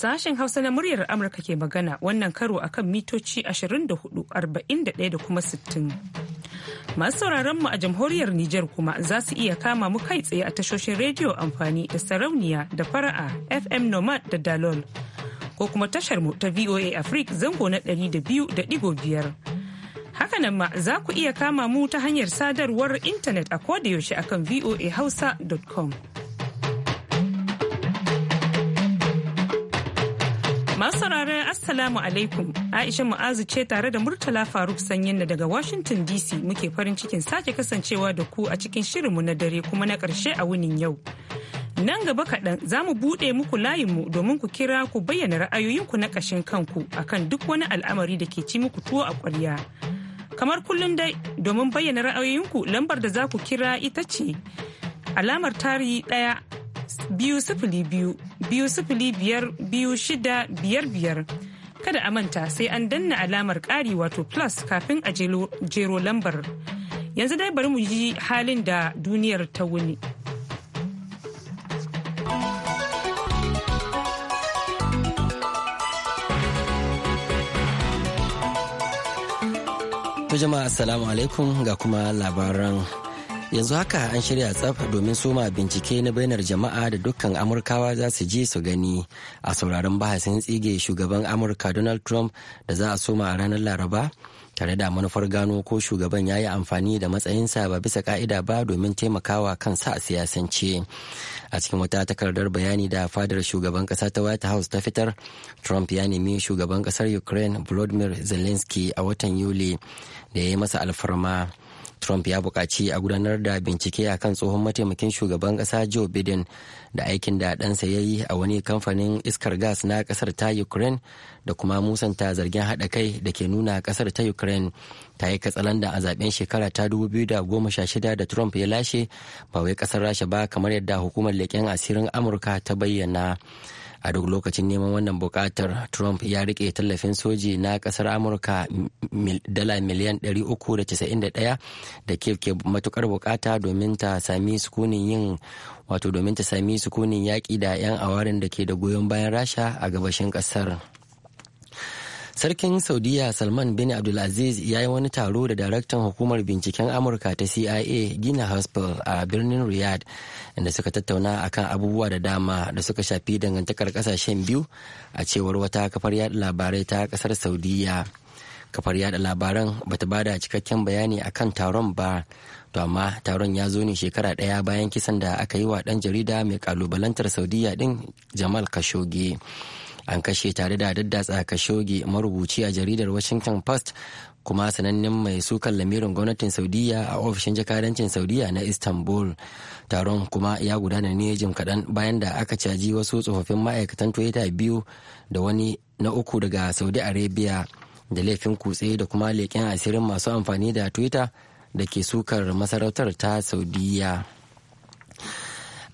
Sashen Hausa na muryar Amurka ke magana wannan karo akan mitoci 24,41 arba'in da kuma 60. Masu sauraron mu a jamhuriyar Nijar kuma za su iya kama mu kai tsaye a tashoshin rediyo amfani da sarauniya da fara'a FM Nomad da Dalol. Ko kuma tashar mu ta VOA Africa zango na 200.5. Hakanan ma za ku iya kama mu ta hanyar sadarwar intanet a kodayaushe akan voahausa.com. Masu sauraron Assalamu alaikum Aisha Mu'azu ce tare da Murtala Faruk Sanyin daga Washington DC muke farin cikin sake kasancewa da ku a cikin shirinmu na dare kuma na ƙarshe a wunin yau. Nan gaba kaɗan za mu buɗe muku layinmu domin ku kira ku bayyana ra'ayoyinku na ƙashin kanku akan duk wani al'amari da ke ci muku tuwo a ƙwarya. Kamar kullum dai domin bayyana ra'ayoyinku lambar da za ku kira ita ce alamar tarihi ɗaya biyu sifili biyu biyu sifili biyar biyu shida biyar biyar kada a manta sai an danna alamar ƙari wato plus kafin a jero lambar yanzu dai bari mu yi halin da duniyar ta wuni jama'a assalamu alaikum ga kuma labaran yanzu haka an shirya tsafa domin soma bincike na bainar jama'a da dukkan amurkawa za su je su gani a sauraron bahasin tsige shugaban amurka donald trump da za a soma a ranar laraba tare da manufar gano ko shugaban ya yi amfani da matsayinsa ba bisa ka'ida ba domin taimakawa kansa a siyasance a cikin wata takardar bayani da fadar shugaban kasa ta white house ta fitar trump ya nemi shugaban kasar ukraine volodymyr zelensky a watan yuli da ya yi masa alfarma Trump ya buƙaci a gudanar da bincike a kan tsohon mataimakin shugaban ƙasa Joe Biden da aikin da ɗansa ya yi a wani kamfanin iskar gas na ƙasar ta Ukraine da kuma musanta zargin haɗa kai da ke nuna ƙasar ta Ukraine ta yi katsalanda a zaben shekara ta 2016 da Trump ya lashe ba wai ƙasar Rasha ba kamar yadda hukumar leƙen asirin Amurka ta bayyana. a duk lokacin neman wannan bukatar trump ya rike tallafin soji na kasar amurka dala miliyan 391 da ke matukar bukata domin ta sami sukunin yin wato domin ta sami sukunin yaƙi da 'yan awarin da ke da goyon bayan rasha a gabashin ƙasar. Sarkin saudiyya Salman bin Abdulaziz ya yi wani taro da daraktan hukumar binciken Amurka ta CIA Gina hospital a birnin Riyadh inda suka tattauna akan abubuwa da dama da suka shafi dangantakar kasashen biyu a cewar wata kafar yada labarai ta kasar saudiyya Kafar yada labaran bata bada cikakken bayani akan taron ba to amma taron ya zo ne shekara ɗaya bayan kisan da aka yi wa ɗan jarida mai kalubalantar saudiyya din Jamal Khashoggi. an kashe tare da daddatsa kashoge marubuci a jaridar washington post kuma sanannen mai sukan lamirin gwamnatin saudiya a ofishin jakadancin saudiya na istanbul taron kuma ya gudana ne jim kaɗan bayan da aka caji wasu tsofaffin ma'aikatan toyota biyu da wani na uku daga saudi arabia da laifin kutse da kuma leƙen asirin masu amfani da twitter da ke sukar masarautar ta saudiya.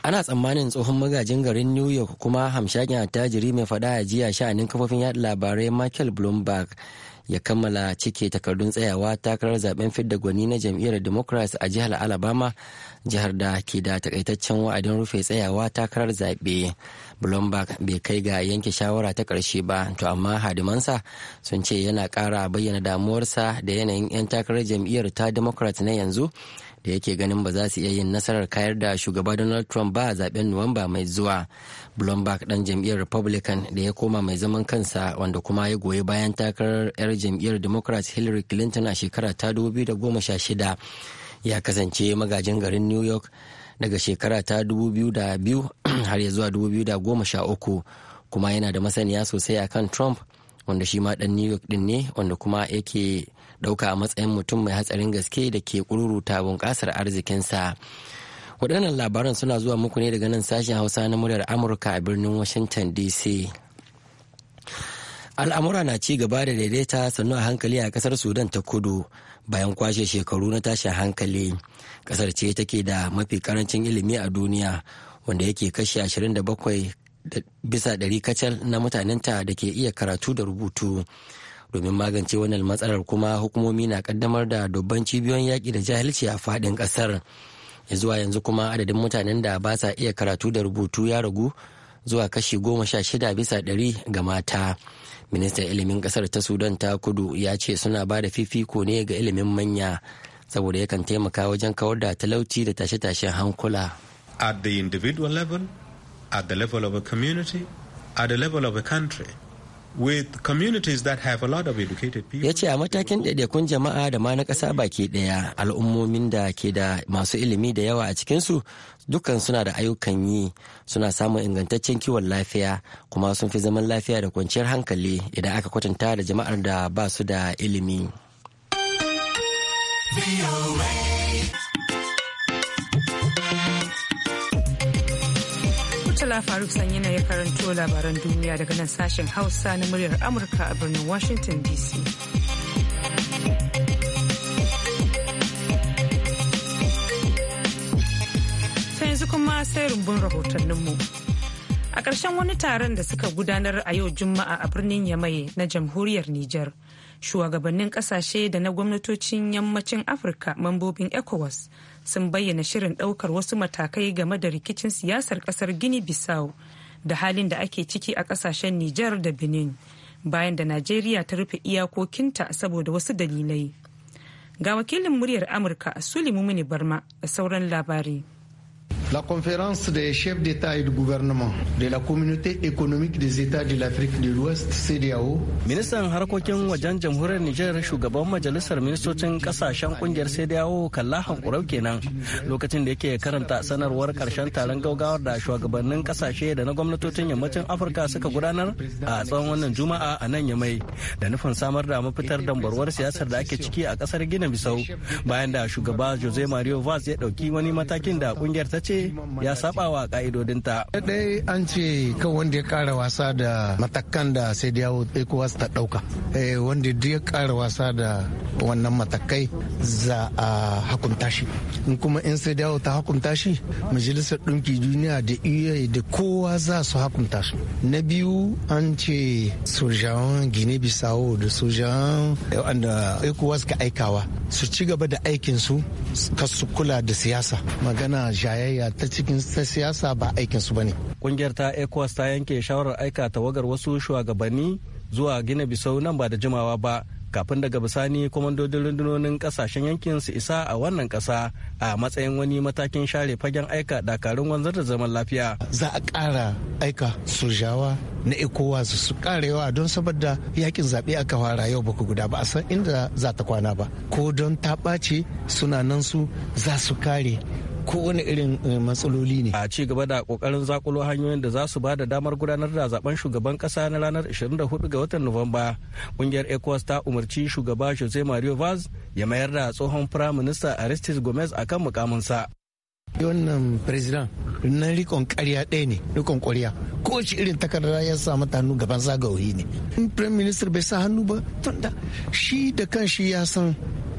ana tsammanin tsohon magajin garin new york kuma hamshakin attajiri mai fada a jiya sha'anin kafofin yaɗa labarai michael bloomberg ya kammala cike takardun tsayawa takarar zaben fidda gwani na jam'iyyar democrats a jihar alabama jihar da ke da takaitaccen wa'adin rufe tsayawa takarar zaɓe bloomberg bai kai ga yanke shawara ta ƙarshe ba to amma hadimansa sun ce yana ƙara bayyana damuwarsa da yanayin 'yan takarar jam'iyyar ta democrats na yanzu da yake ganin ba za su iya yin nasarar kayar da shugaba donald trump ba a zaben nuwamba mai zuwa bloomberg dan jam'iyyar republican da ya koma mai zaman kansa wanda kuma ya goyi bayan takarar 'yar jam'iyyar democrat hillary clinton a shekara ta 2016 ya kasance magajin garin new york daga shekara ta 2002 har ya zuwa 2013 kuma yana da masaniya sosai akan trump wanda shi ma dan new york din ne wanda kuma yake ɗauka a matsayin mutum mai hatsarin gaske da ke kururuta bunƙasar arzikinsa waɗannan labaran suna zuwa muku ne daga nan sashen hausa na muryar amurka a birnin washington dc al'amura na ci gaba da daidaita sannu a hankali a kasar sudan ta kudu bayan kwashe shekaru na tashin hankali kasar ce take da mafi karancin ilimi a duniya wanda yake kashe ashirin 27 bisa ɗari kacal na mutanenta da ke iya karatu da rubutu domin magance wannan matsalar kuma hukumomi na kaddamar da dubban cibiyoyin yaƙi da jahilci a faɗin ƙasar zuwa yanzu kuma adadin mutanen da ba sa iya karatu da rubutu ya ragu zuwa kashi goma sha shida bisa ɗari ga mata ministan ilimin ƙasar ta sudan ta kudu ya ce suna ba da fifiko ne ga ilimin manya saboda yakan taimaka wajen kawar da talauci da tashe-tashen hankula at the individual level at the level of a community at the level of a country ya ce a matakin ɗaiɗaikun jama'a da ma na ƙasa baki ɗaya al'ummomin da ke da masu ilimi da yawa a cikinsu dukkan suna da ayyukan yi suna samun ingantaccen kiwon lafiya kuma sun fi zaman lafiya da kwanciyar hankali idan aka kwatanta da jama'ar da ba su da ilimi. Murtala Faruk na ya karanto labaran duniya daga nan sashen Hausa na muryar Amurka a birnin Washington DC. yanzu kuma sai rumbun rahotanninmu. A ƙarshen wani taron da suka gudanar a yau Juma'a a birnin Yamai na jamhuriyar Nijar, shugabannin ƙasashe da na gwamnatocin yammacin Afirka mambobin ECOWAS sun bayyana shirin ɗaukar wasu matakai game da rikicin siyasar ƙasar gini bissau da halin da ake ciki a ƙasashen nijar da benin bayan da najeriya ta rufe iyakokinta saboda wasu dalilai ga wakilin muryar amurka a sulimu mini barma da sauran labari. La conférence des chefs d'État et de gouvernement de la communauté économique des États de l'Afrique de l'Ouest, CDAO. Ministan harkokin wajen jamhuriyar Nijar shugaban majalisar ministocin kasashen kungiyar CDAO kalla hankurau kenan lokacin da yake karanta sanarwar karshen taron gaugawar da shugabannin kasashe da na gwamnatocin yammacin Afirka suka gudanar a tsawon wannan juma'a a nan yamai da nufin samar da mafitar dambarwar siyasar da ake ciki a kasar Gina Bisau bayan da shugaba Jose Mario Vaz ya dauki wani matakin da kungiyar ta ce ce ya saba wa ka'idodinta. Dai an ce kan wanda ya kara wasa da matakan da sai da yawo ECOWAS ta dauka. Eh, wanda duk ya kara wasa da wannan matakai za a hakunta shi. In kuma in sai da yawo ta hakunta shi majalisar ɗunki duniya da iya e da kowa za su hakunta shi. Na biyu an ce sojawan Gine Bisawo da sojawan eh, wanda ECOWAS ka aikawa su ci gaba da aikinsu kasu kula da siyasa magana jayayya da ta cikin siyasa ba aikinsu ba ne. Kungiyar ta ECOWAS ta yanke shawarar aika tawagar wasu shugabanni zuwa Gina Bisau nan ba da jimawa ba kafin daga bisani kwamandodin rundunonin kasashen yankin su isa a wannan kasa a matsayin wani matakin share fagen aika dakarun wanzar da zaman lafiya za a ƙara aika sojawa na ikowa su ƙara yawa don saboda yakin zaɓe aka fara yau baku guda ba a san inda za ta kwana ba ko don ta ɓace suna nan su za su kare ko wani irin eh, matsaloli ne. A ci gaba da kokarin zakulo hanyoyin da za su ba da damar gudanar da zaben shugaban kasa na ranar 24 ga watan Nuwamba. Kungiyar ECOWAS ta umarci shugaba Jose Mario Vaz ya mayar da tsohon firaminista aristide Gomez akan mukaminsa. wannan president na rikon karya ɗaya ne rikon kwarya kowace irin takarda ya sa mata gaban zagawoyi ne in prime minister bai sa hannu ba tunda shi da kan shi ya san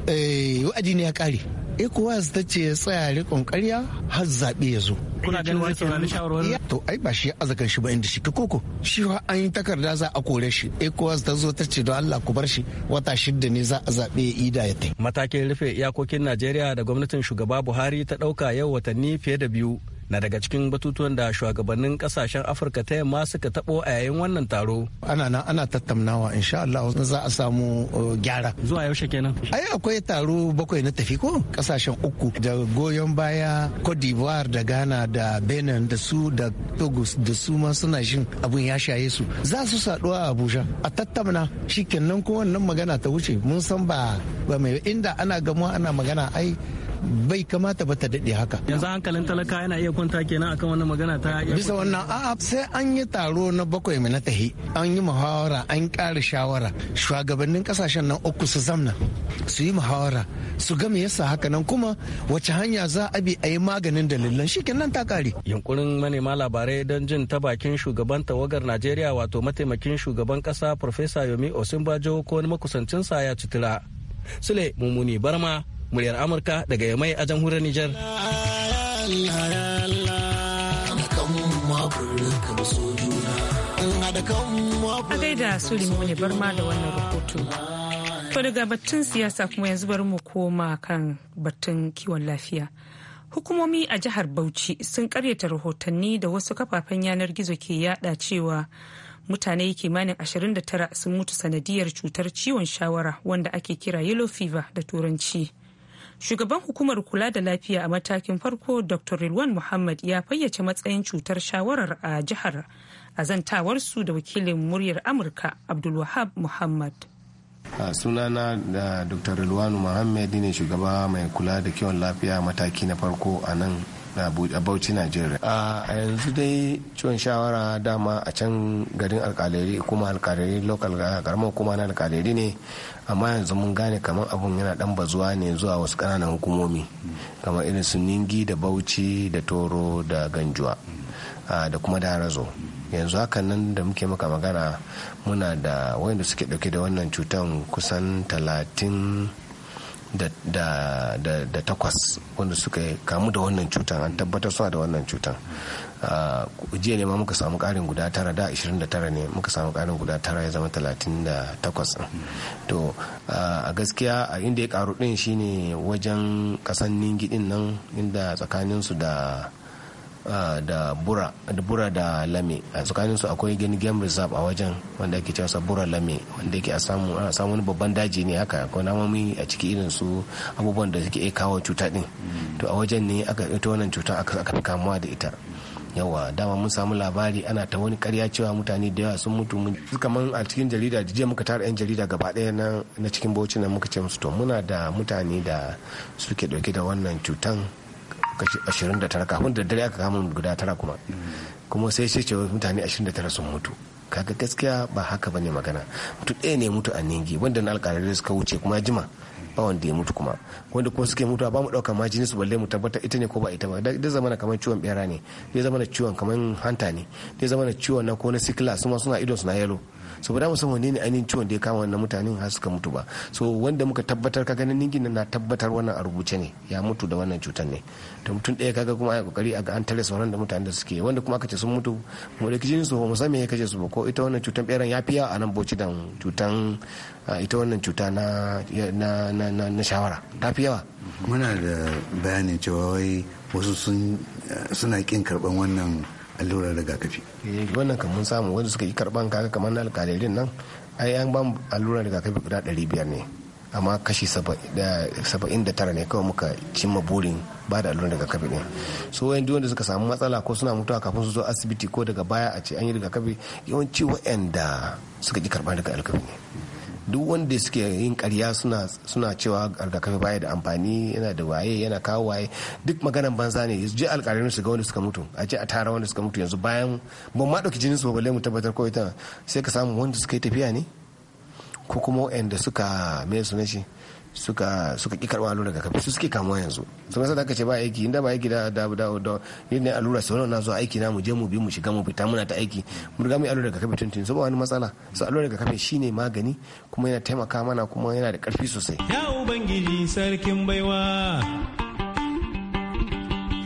Eh, wa'adi ne ya kare ecowas eh, ta ce ya tsaya rikon karya har zaɓe ya zo kuna ganin wani tsoron shawarwari to ai ba shi ya azakan shi ba inda shi koko shi wa an yi takarda za a kore shi ecowas eh, ta zo ta ce don allah ku bar shi wata shidda ne za a zaɓe ya ida ya tai matakin rufe iyakokin najeriya da gwamnatin shugaba buhari ta ɗauka yau watanni fiye da biyu na daga cikin batutuwan da shugabannin kasashen afirka ta yamma suka tabo a yayin wannan taro ana nan ana tattaunawa insha Allah za a samu uh, gyara zuwa yaushe kenan ai akwai taro bakwai na tafi ko kasashen uku da goyon baya Cote d'Ivoire da Ghana da Benin da su da Togo da su ma suna shin abun ya shaye su za su saduwa a Abuja a tattauna shikenan ko wannan magana ta wuce mun san ba ba mai inda ana gamuwa ana magana ai bai kamata ba ta daɗe haka yanzu hankalin talaka yana iya kwanta kenan akan wannan magana ta bisa wannan a'a sai an yi taro na bakwai mai na tahi an yi muhawara an ƙara shawara shugabannin kasashen nan uku su zamna su yi muhawara su ga me yasa haka nan kuma wace hanya za a bi a yi maganin dalilan shi kenan ta kare yunkurin manema labarai don jin ta bakin shugaban tawagar najeriya wato mataimakin shugaban kasa farfesa yomi osinbajo ko wani makusancinsa ya citira sule mummuni barma muryar amurka daga yamai a jamhuriyar nijar. a gaida sulimu ne barma da wannan rahoto to daga batun siyasa kuma yanzu bari mu koma kan batun kiwon lafiya hukumomi a jihar bauchi sun karyata rahotanni da wasu kafafen yanar gizo ke yada cewa mutane kimanin 29 sun mutu sanadiyar cutar ciwon shawara wanda ake kira yellow fever da turanci shugaban hukumar kula da lafiya a matakin farko dr rilwan muhammad ya fayyace matsayin cutar shawarar a jihar a su da wakilin muryar amurka abdulwahab muhammad sunana da dr rilwan Muhammad ne shugaba mai kula da kiwon lafiya mataki na farko a nan a bauchi Nigeria. a yanzu dai ciwon shawara dama a can garin alkalari kuma alkaleri local karama kuma na alkalari ne amma yanzu mun gane kamar abun yana dan bazuwa ne zuwa wasu kananan hukumomi kamar irin su ningi da bauchi da toro da ganjuwa da kuma da darazo yanzu hakan nan da muke maka magana muna da wayanda suke dauke da wannan cutan kusan talatin da takwas wanda suka kamu da wannan cutan an tabbatar suna da wannan cutan ah, jiya ne ma muka samu karin guda tara da 29 ne muka samu karin guda tara ya zama 38 to ah, a gaskiya a inda ya karu din shine wajen kasan ningi nan inda tsakaninsu da Ah, da bura da bura da lame a tsakaninsu akwai gani game reserve a wajen wanda ake cewa sa bura lame wanda yake a samu a samu wani babban daji ne haka akwai namomi a ciki irin su abubuwan da suke kawo cuta din to a wajen ne aka ita wannan cuta aka fi kamuwa da ita yawa dama mun samu labari ana ta wani karya cewa mutane da yawa sun mutu mun kamar a cikin jarida jiya muka tara yan jarida gaba daya na cikin bauchi na muka ce musu to muna da mutane da suke dauke da wannan cutan kashi 29 kafin da dare aka kama guda tara kuma kuma sai shi ce cewa mutane 29 sun mutu kaga gaskiya ba haka bane magana mutu ɗaya ne mutu a ningi wanda na alƙalai suka wuce kuma jima ba wanda ya mutu kuma wanda kuma suke mutuwa ba mu ɗaukar ma jini su balle mu tabbatar ita ne ko ba ita ba da zamana kamar ciwon ɓera ne da zamana ciwon kamar hanta ne da zamana ciwon na ko na sikila su ma suna idon su yalo so ba da san wanne ne ainihin ciwon da ya kama wannan mutanen har suka mutu ba so wanda muka tabbatar ka ganin ningin na tabbatar wannan a rubuce ne ya mutu da wannan cutar ne to mutum ɗaya kaga kuma ai kokari a ga an tare sauran da mutanen da suke wanda kuma aka ce sun mutu mu da kijin su mu san ya kace su ba ko ita wannan cutar beran ya fiya a nan boci dan cutan ita wannan cuta na na na na shawara ta fi yawa muna da bayanin cewa wai wasu sun suna kin karban wannan allurar rigakafi eh, wannan kan mun samu wanda suka yi karban kaga kamar na alkalirin nan ai an ba allurar rigakafi guda ɗari biyar ne amma kashi saba'in da tara ne kawai muka cimma burin ba da allurar rigakafi ne so wayan duk wanda suka samu matsala ko suna mutuwa kafin su zo asibiti ko daga baya a ce an yi rigakafi yawanci wayanda suka ji karban daga ne duk wanda suke yin karya suna cewa rigakafi baya da amfani yana da waye yana kawo waye duk maganan banza ne je alƙalin su ga wanda suka mutu a ce a tara wanda suka mutu yanzu bayan ban ma dauki jinin su ba mu tabbatar ko ita sai ka samu wanda suka yi tafiya ne ko kuma wanda suka mai su shi suka suka ki karɓa allura daga kafin su suke kamuwa yanzu sun kasa da aka ce ba aiki inda ba aiki da da da da yin ne allura sau na zuwa aiki na mu je mu bi mu shiga mu fita muna ta aiki mu riga mu yi allura daga kafin tuntun su ba wani matsala su allura daga kafin shine magani kuma yana taimaka mana kuma yana da ƙarfi sosai. ya ubangiji sarkin baiwa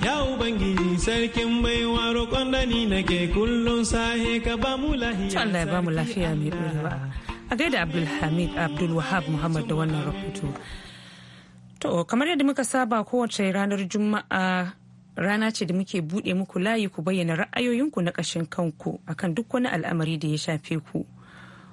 Ya Ubangiji sarkin baiwa roƙon da ni nake kullum sahe ka ba mu lahiya. Allah ya ba mu lafiya mai ɗorewa. a gaida abdulhamid abdulwahab muhammad da wannan rahoto to kamar yadda muka saba kowace ranar juma'a rana ce da muke buɗe muku layi ku bayyana ra'ayoyinku na kashin kanku akan duk wani al'amari da ya shafe ku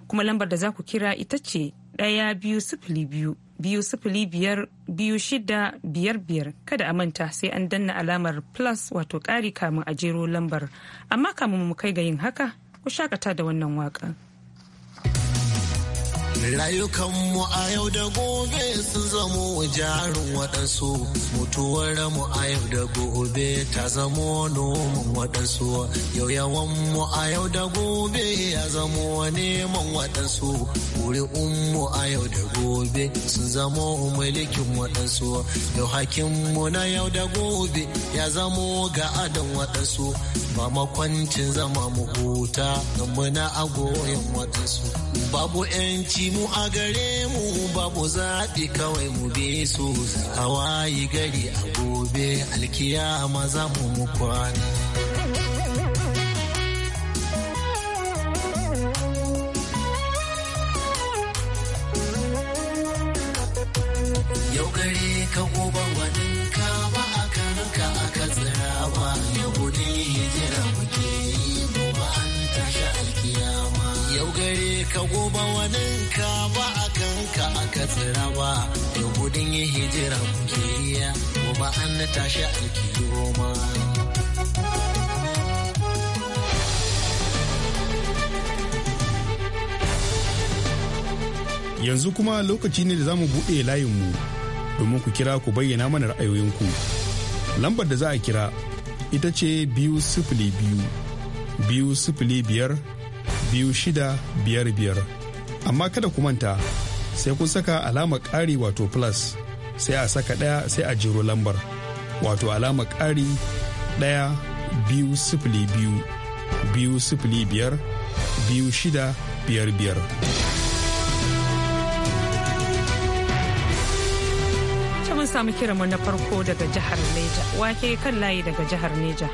kuma lambar da za ku kira ita ce ɗaya biyu sifili biyu biyu sifili biyar biyu shida biyar biyar kada a manta sai an danna alamar plus wato ƙari kamun a jero lambar amma kamun mu kai ga yin haka ku shakata da wannan waƙa. Rayukanmu a yau da gobe sun zamo jarin waɗansu, mutuwar mu a yau da gobe ta zamo noman waɗansu, yau yawan mu a yau da gobe ya zamo neman waɗansu, ƙuri'un mu a yau da gobe sun zamo mulkin waɗansu, yau hakin na yau da gobe ya zamo ga adon waɗansu, ba makwancin zama mu huta, muna agoyin waɗansu, babu 'yanci mu a gare mu babu zaɓi kawai mu bi su a gari a gobe alkiyama za mu mu kwana. ka ka tsira ba da gudun yi hijira iya ko ba an na tashi roma. Yanzu kuma lokaci ne da za mu buɗe layinmu domin ku kira ku bayyana mana ra'ayoyinku. Lambar da za a kira ita ce biyu sifili biyu biyu sifili biyar biyu shida biyar biyar amma kada ku manta sai kun saka alama ƙari wato plus sai a saka ɗaya sai a jiro lambar wato alama ƙari ɗaya biyu sifili biyu biyu sifili biyar biyu shida biyar biyar. mun samu kiranmu na farko daga jihar Neja. Wake kan layi daga jihar Neja.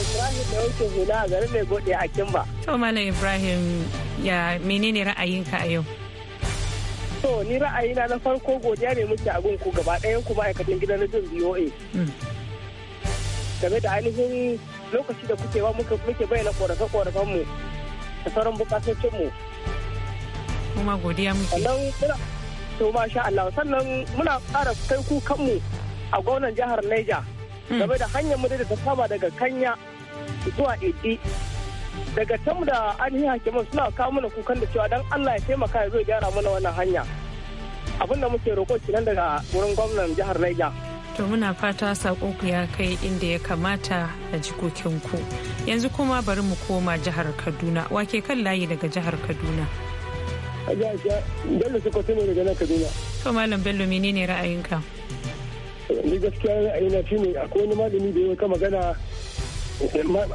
Ibrahim da yake hula a garin mai da a Kimba. To Malam Ibrahim ya menene ra'ayinka a yau? To ni ra'ayina na farko godiya ne muke a ku gaba ɗayan ku ma'aikatan gidan rajin voa hmm. Game da ainihin lokaci da kuke ba muke bayyana korafe-korafen mu da sauran bukatocin mu. Kuma godiya muke. Sannan to sha Allah sannan muna ƙara kai kukanmu a gwamnan jihar Niger. Hmm. Game da hanyar mu da ta saba daga Kanya zuwa Idi daga tam da ainihin hakiman suna kawo mana kukan da cewa dan Allah ya taimaka ya zo gyara mana wannan hanya abin da muke roƙo nan daga wurin gwamnan jihar Niger to muna fata sako ku ya kai inda ya kamata a jikokinku yanzu kuma bari mu koma jihar Kaduna wake kan layi daga jihar Kaduna Bello Sokoto ne daga nan Kaduna. To Malam Bello menene ra'ayinka? Ni gaskiya ra'ayina shine akwai wani malami da ya kama magana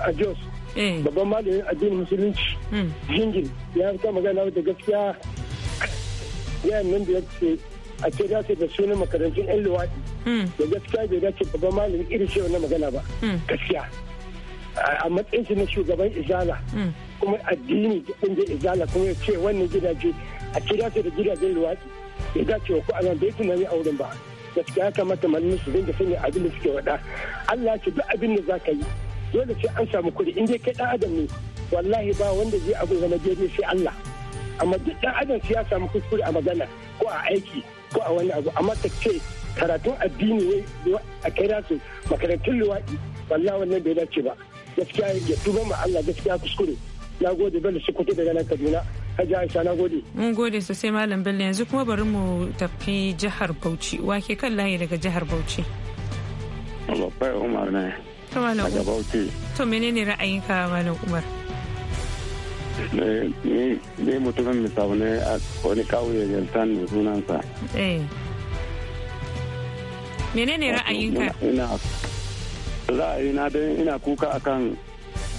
a Jos Eh. babban malamin addinin musulunci hmm. jingin ya ta magana da gaskiya yi nan da ya ce a ce za dace da sunan makarantun yan luwaɗi hmm. da gaskiya bai dace babban malamin irin shi wannan magana ba hmm. gaskiya a matsayin shi na shugaban izala kuma addini din da izala kuma ya ce wannan gidaje a ce za su da gidajen luwaɗi ya dace wa ku a nan bai tunani wurin ba gaskiya ya kamata malamin su dinga sanya abin da suke waɗa. Allah ya ce duk abin da za ka yi dole sai an samu kuɗi in dai kai ɗan adam ne wallahi ba wanda zai abu zama daidai sai Allah amma duk ɗan adam sai ya samu kuskure a magana ko a aiki ko a wani abu amma ta ce karatun addini ne a kai su makarantun luwaɗi wallahi wannan bai dace ba gaskiya ya tuba ma Allah gaskiya kuskure na gode bala su daga nan kaduna hajji aisha na gode mun gode sosai malam bello yanzu kuma bari mu tafi jihar bauchi wake kan layi daga jihar bauchi babbar umar ne To menene ra'ayinka Malam Umar? mutumin misau ne a wani sunansa. Eh. Menene ra'ayinka? Ina ra'ayina dai ina kuka akan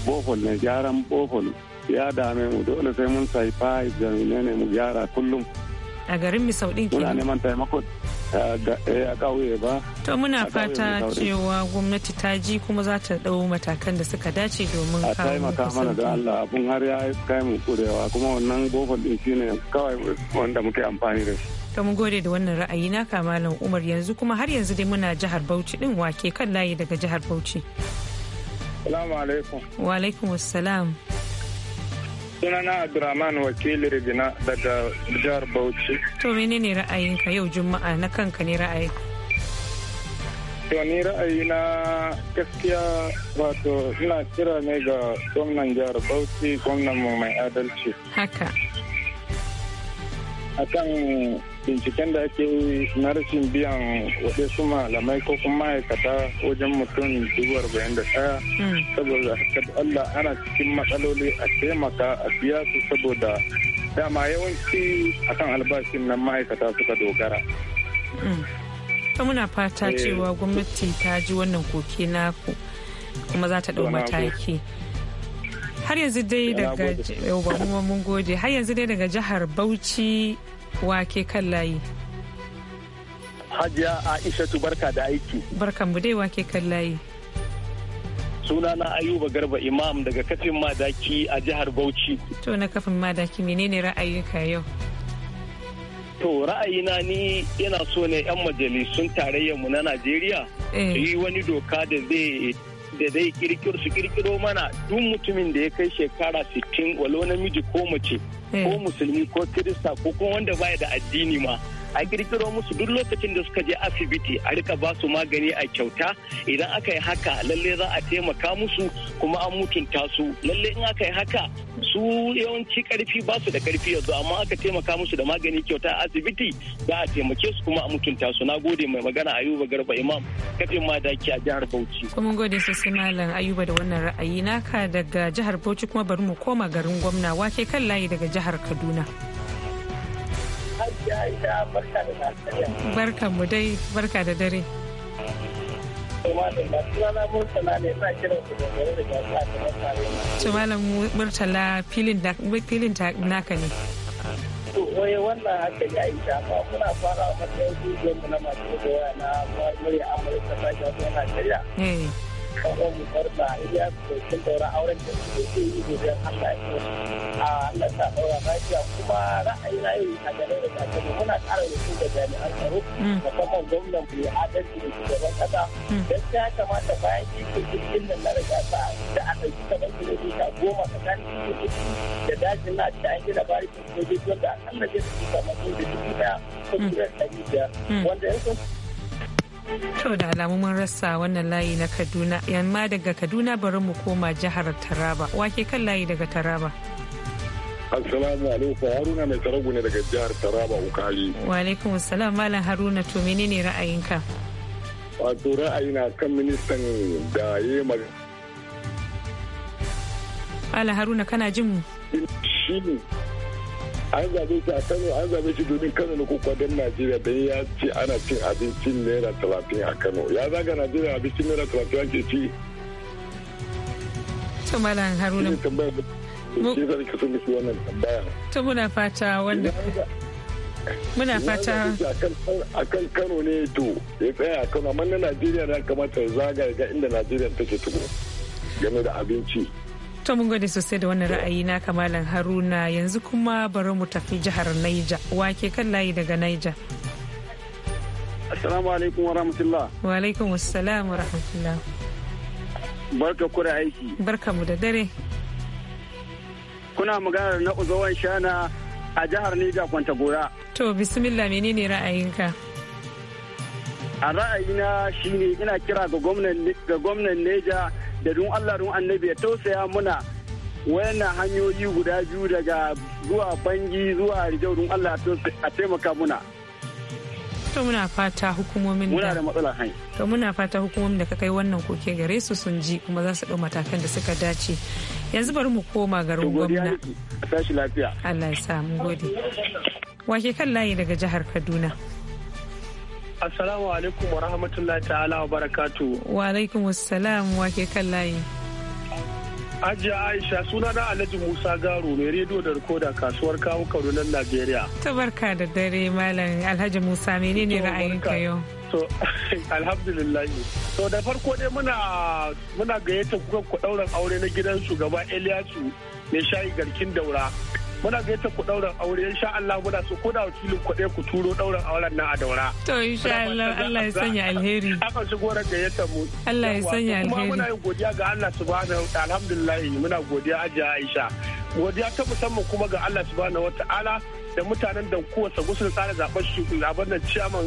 bohol ne gyaran bohol ya dame mu dole sai mun sai fa ne mu gyara kullum. A garin Misau din kenan. Muna neman taimako. Eh, a ƙauye ba. To muna fata cewa gwamnati ta ji kuma za ta ɗau matakan da suka dace domin kawo A taimaka mana da Allah abun har ya kai mu kurewa kuma wannan gofar ɗin shine kawai wanda muke amfani da shi. To mun gode da wannan ra'ayi na kamalan Umar yanzu kuma har yanzu dai muna jihar Bauchi ɗin wake kan layi daga jihar Bauchi. Salamu alaikum. Wa alaikum assalam. sunana abdulrahman wakili rigina daga jihar bauchi to menene ra'ayinka yau juma'a na kanka ne ra'ayi to ni na gaskiya wato ina kira ne ga gwamnan jihar bauchi gwamnan mu mai adalci haka akan binciken da ake na rashin biyan su malamai ko kuma ma'aikata wajen mutum dubu arba'in da ɗaya hmm. saboda haka Allah ana cikin matsaloli a taimaka a biya su saboda dama yawanci akan albashin nan ma'aikata suka dogara. Hmm. muna fata eh. cewa gwamnati ta ji wannan koke naku kuma za ta ɗau mataki. har yanzu dai daga jihar Bauchi wake kan layi. Hajiya Aishatu barka da aiki. barkanmu mu dai wake kan layi. Sunana Ayuba Garba Imam daga kafin madaki a jihar Bauchi. To na kafin madaki menene ra'ayinka yau? To ra'ayina ni yana so ne 'yan majalisun tarayyar mu na Najeriya Eh. yi wani doka da zai da zai kirkiro su kirkiro mana duk mutumin da ya kai shekara 60 walau namiji ko mace ko eh. musulmi ko kirista ko kuma wanda baya da addini ma a kirkiro musu duk lokacin da suka je asibiti a rika ba su magani a kyauta idan aka yi haka lalle za a taimaka musu kuma an mutunta su lalle in aka yi haka su yawanci karfi ba su da karfi yanzu amma aka taimaka musu da magani kyauta a asibiti za a taimake su kuma a mutunta su na gode mai magana ayuba garba imam kafin madaki a jihar bauchi kuma gode sosai malam ayuba da wannan ra'ayi naka daga jihar bauchi kuma bari mu koma garin gwamna wake kan layi daga jihar kaduna. barka mu dai barka da dare. Tumalin Murtala filin ta naka ne. waye eh. wannan haka ya yi shafa kuna fara matsayin dubiyar mu na masu goya na murya Amurka ta shafi shirya. auren mutarba iya dokin daura auren da su ke yi domin Allah ya a Allah sa daura lafiya kuma ra'ayi na yau a gare da kakali muna ƙara rufu da jami'an tsaro musamman gwamnan mu adalci da shugaban ƙasa don ta kamata bayan jikin jirgin nan na rage sa da a ɗauki kaɗan kilomita goma tsakanin jirgin da dajin na ta yi da barikin sojoji wanda akalla zai fi kamar jirgin da dubu ɗaya ko ɗari biyar wanda ya To da alamu mun rasa wannan layi na Kaduna, yamma daga Kaduna bari mu koma jihar Taraba. Wake kan layi daga Taraba. Assalamu alaikum Haruna mai tarago ne daga jihar Taraba Ukali. Wa alaikum assalam Malam Haruna to menene ra'ayinka? Wato ra'ayi na kan ministan da ya yi Malam Haruna kana jin mu? an zabe shi a kano an zabe shi domin kano na kwakwadon najeriya da ya ce ana cin abincin naira talatin a kano ya zaga najeriya abincin naira talatin ake ci to haruna ta muna fata wanda muna fata a kan kano ne to ya tsaya a kano amma na najeriya na kamata ya zaga ga inda najeriya take tuko game da abinci To mun gode sosai da wannan ra'ayi na kamalan Haruna yanzu kuma bari mu tafi jihar Naija. Wake kan layi daga Naija. Assalamu alaikum wa rahmatullah. Wa alaikum assalam wa rahmatullah. Barka ku da aiki. Barka mu da dare. Kuna magana na uzawan shana a jihar Naija kwanta gora. To bismillah menene ra'ayinka? A ra'ayina shine ina kira ga gwamnan niger. da don Allah don annabi ya tausaya muna wayannan hanyoyi guda biyu daga zuwa bangi zuwa rijau don Allah a taimaka muna. To muna fata hukumomin da muna matsala hanyar. To muna fata hukumomin da ka kai wannan koke gare su sun ji kuma za su ɗau matakan da suka dace. Yanzu bari mu koma garin gwamna. Allah ya sa mun gode. Wake kan layi daga jihar Kaduna. Assalamu alaikum wa rahmatullahi ta'ala wa barakatu. Wa alaikum assalam wa ke kan layi. ajiya Aisha suna na Alhaji Musa garu mai rediyo da rikoda kasuwar kawo Kaduna Najeriya. Tabarka da dare Malam Alhaji Musa menene ra'ayinka yau? So alhamdulillah. So da farko dai muna muna gayyata kuka ku ɗaurin aure na gidan shugaba Eliyasu mai shayi garkin daura. muna gaita ku ɗaurin aure insha Allah muna so ko da wakilin ku ku turo ɗaurin auren na a daura. To insha Allah Allah ya sanya alheri. Akan shigo da gayyata mu. Allah ya sanya alheri. Kuma muna yin godiya ga Allah subhanahu wa alhamdulillah muna godiya ajiya Aisha. Godiya ta musamman kuma ga Allah subhanahu wa ta'ala da mutanen da kowace sun tsara zaben shugaban nan ciyaman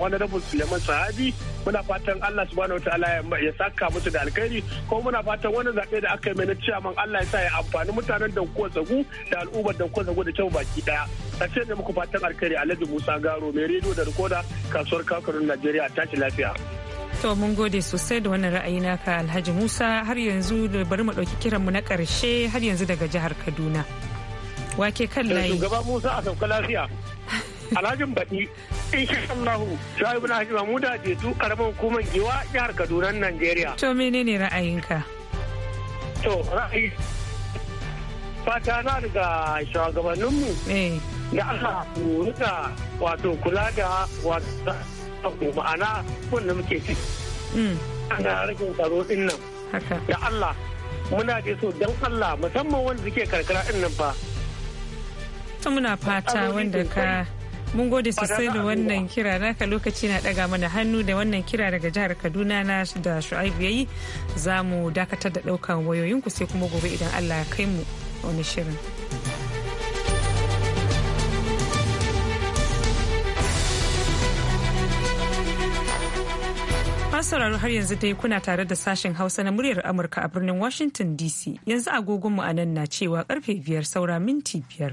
wani uh, rabin suleiman sahabi muna fatan allah subhanahu wataala ya saka musu da alkhairi ko muna fatan wani zaɓe da aka yi mai na ciyaman allah ya sa ya amfani mutanen da kowace da al'ummar da kowace da kyau baki daya ce ne muku fatan alkhairi alhaji musa garo mai rediyo da rikoda kasuwar kakarun najeriya ci lafiya. To mun gode sosai da wannan ra'ayi naka Alhaji Musa har yanzu bari mu ɗauki kiranmu na ƙarshe har yanzu daga jihar Kaduna. wake kan eh, layi shugaba musa a sauka lafiya alhajin baɗi in shi Allahu sha'ibu na hajji mu da jetu karamin hukumar giwa jihar kaduna najeriya to menene ra'ayinka to ra'ayi fata na daga shugabanninmu eh. da aka rika wato kula da wato ma'ana wanda muke ci. Mm. Ana rikin tsaro din nan. Da Allah muna da so don Allah musamman wanda suke karkara din nan fa. ta muna fata wanda ka mun gode sosai da wannan kira naka lokaci na daga mana hannu da wannan kira daga jihar kaduna na da shu'aibu yayi za mu dakatar da daukan wayoyinku sai kuma gobe idan allah ya kai mu wani shirin sauraro har yanzu dai kuna tare da sashen hausa na muryar amurka a birnin washington dc yanzu agogonmu a nan na cewa karfe biyar saura minti biyar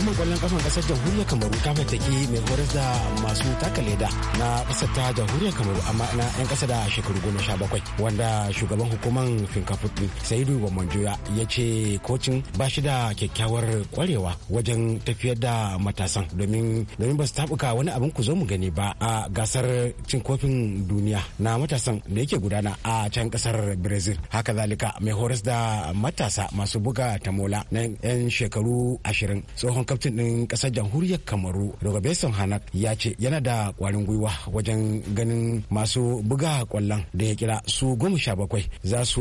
hukumar kwallon kafan kasar jamhuriyar kamaru ta taki mai horar da masu taka leda na kasar ta jamhuriyar kamaru amma na yan kasa da shekaru goma sha bakwai wanda shugaban hukumar finkafutu saidu manjoya ya ce kocin ba shi da kyakkyawar kwarewa wajen tafiyar da matasan domin domin ba su tabuka wani abin ku zo mu gani ba a gasar cin kofin duniya na matasan da yake gudana a can kasar brazil haka zalika mai horas da matasa masu buga tamola na yan shekaru ashirin tsohon kaftin ɗin ƙasar jamhuriyar kamaru daga beson hanak ya ce yana da ƙwarin gwiwa wajen ganin masu buga ƙwallon da ya kira su goma sha bakwai za su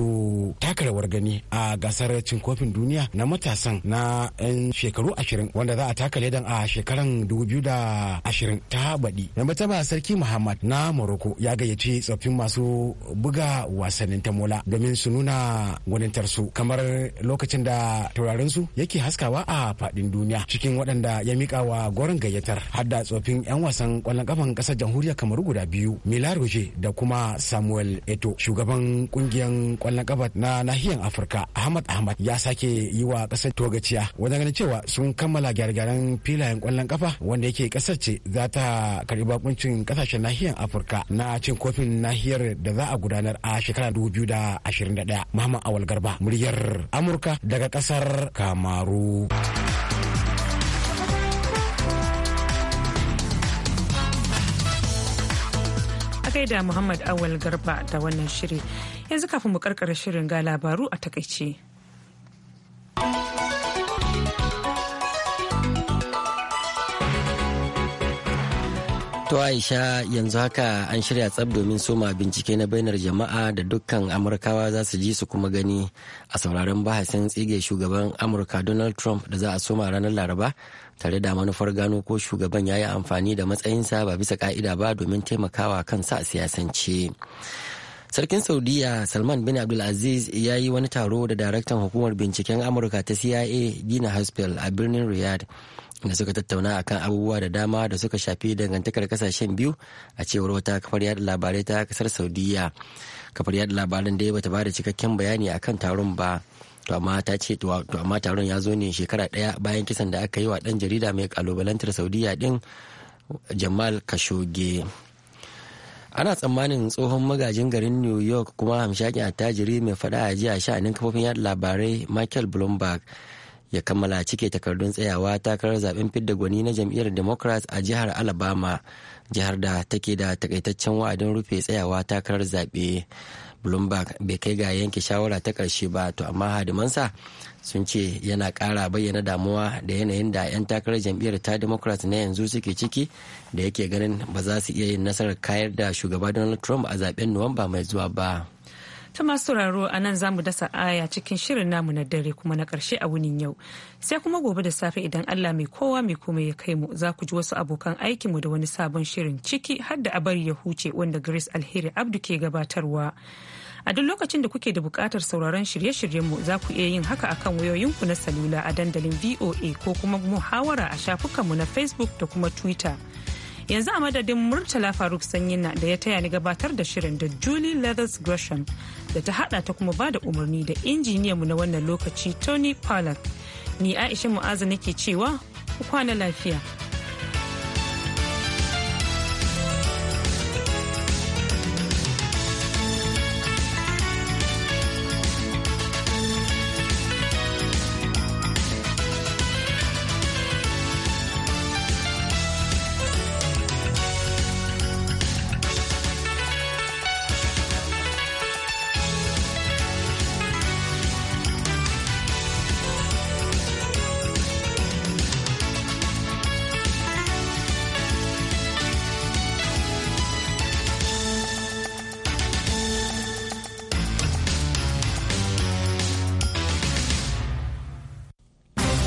taka rawar gani a gasar cin kofin duniya na matasan na 'yan shekaru ashirin wanda za a taka ledan a shekaran dubu biyu da ashirin ta baɗi na mataba sarki muhammad na morocco ya gayyaci tsoffin masu buga wasannin tamola domin su nuna gwanintarsu kamar lokacin da taurarinsu yake haskawa a faɗin duniya cikin waɗanda ya mika wa goron gayyatar har da tsofin 'yan wasan kwallon kafan ƙasar jamhuriyar kamaru guda biyu mila roje da kuma samuel eto shugaban ƙungiyar ƙwallon kafa na nahiyar afirka ahmad ahmad ya sake yi wa ƙasar togaciya wajen ganin cewa sun kammala gyare-gyaren filayen kwallon kafa wanda yake ƙasar ce za ta karɓi bakuncin ƙasashen nahiyar afirka na cin kofin nahiyar da za a gudanar a shekarar 2021 muhammad awal garba muryar amurka daga ƙasar kamaru. a gaida Muhammad Awal Garba da wannan shiri. Yanzu kafin mu karkara shirin ga labaru a takaice. To Aisha yanzu haka an shirya tsab domin soma bincike na bainar jama'a da dukkan Amurkawa za su ji su kuma gani a sauraron bahasin tsige shugaban Amurka Donald Trump da za a soma ranar Laraba tare da manufar gano ko shugaban ya yi amfani da matsayinsa ba bisa ka'ida ba domin taimakawa kansa a siyasance. Sarkin Saudiya Salman bin Abdulaziz ya yi wani taro da daraktan hukumar binciken Amurka ta CIA Gina Haspel a birnin Riyadh. da suka tattauna kan abubuwa da dama da suka shafi dangantakar kasashen biyu a cewar wata kafar yada labarai ta kasar saudiya kafar yada labaran da ya bata bada cikakken bayani akan taron ba to amma ta ce to amma taron ya zo ne shekara daya bayan kisan da aka yi wa dan jarida mai kalubalantar saudiya din jamal kashoge ana tsammanin tsohon magajin garin new york kuma hamshakin attajiri mai fada a jiya sha'anin kafofin yada labarai michael bloomberg ya kammala cike takardun tsayawa takarar zaben fidda gwani na jam'iyyar democrats a jihar alabama jihar da take da takaitaccen wa'adin rufe tsayawa takarar zaɓe bloomberg bai kai ga yanke shawara ta ƙarshe ba to amma hadimansa sun ce yana ƙara bayyana damuwa da yanayin da 'yan takarar jam'iyyar ta democrats na yanzu suke ciki da yake ganin ba za su iya yin nasarar kayar da shugaba donald trump a zaben nuwamba mai zuwa ba. ta masu sauraro a nan zamu dasa aya cikin shirin namu na dare kuma na karshe a wunin yau sai kuma gobe da safe idan allah mai kowa mai komai ya kai mu za ku ji wasu abokan aikinmu da wani sabon shirin ciki har da a bari ya huce wanda grace alheri abdu ke gabatarwa a duk lokacin da kuke da bukatar sauraron shirye-shiryenmu za ku iya yin haka akan wayoyinku na salula a dandalin voa ko kuma muhawara a shafukanmu na facebook da kuma twitter yanzu a madadin murtala faruk sanyina da ya taya ni gabatar da shirin da julie leathers gresham da ta hada ta kuma bada umarni da injiniyanmu na wannan lokaci tony pollard ni aisha mu'azu nake cewa kwana lafiya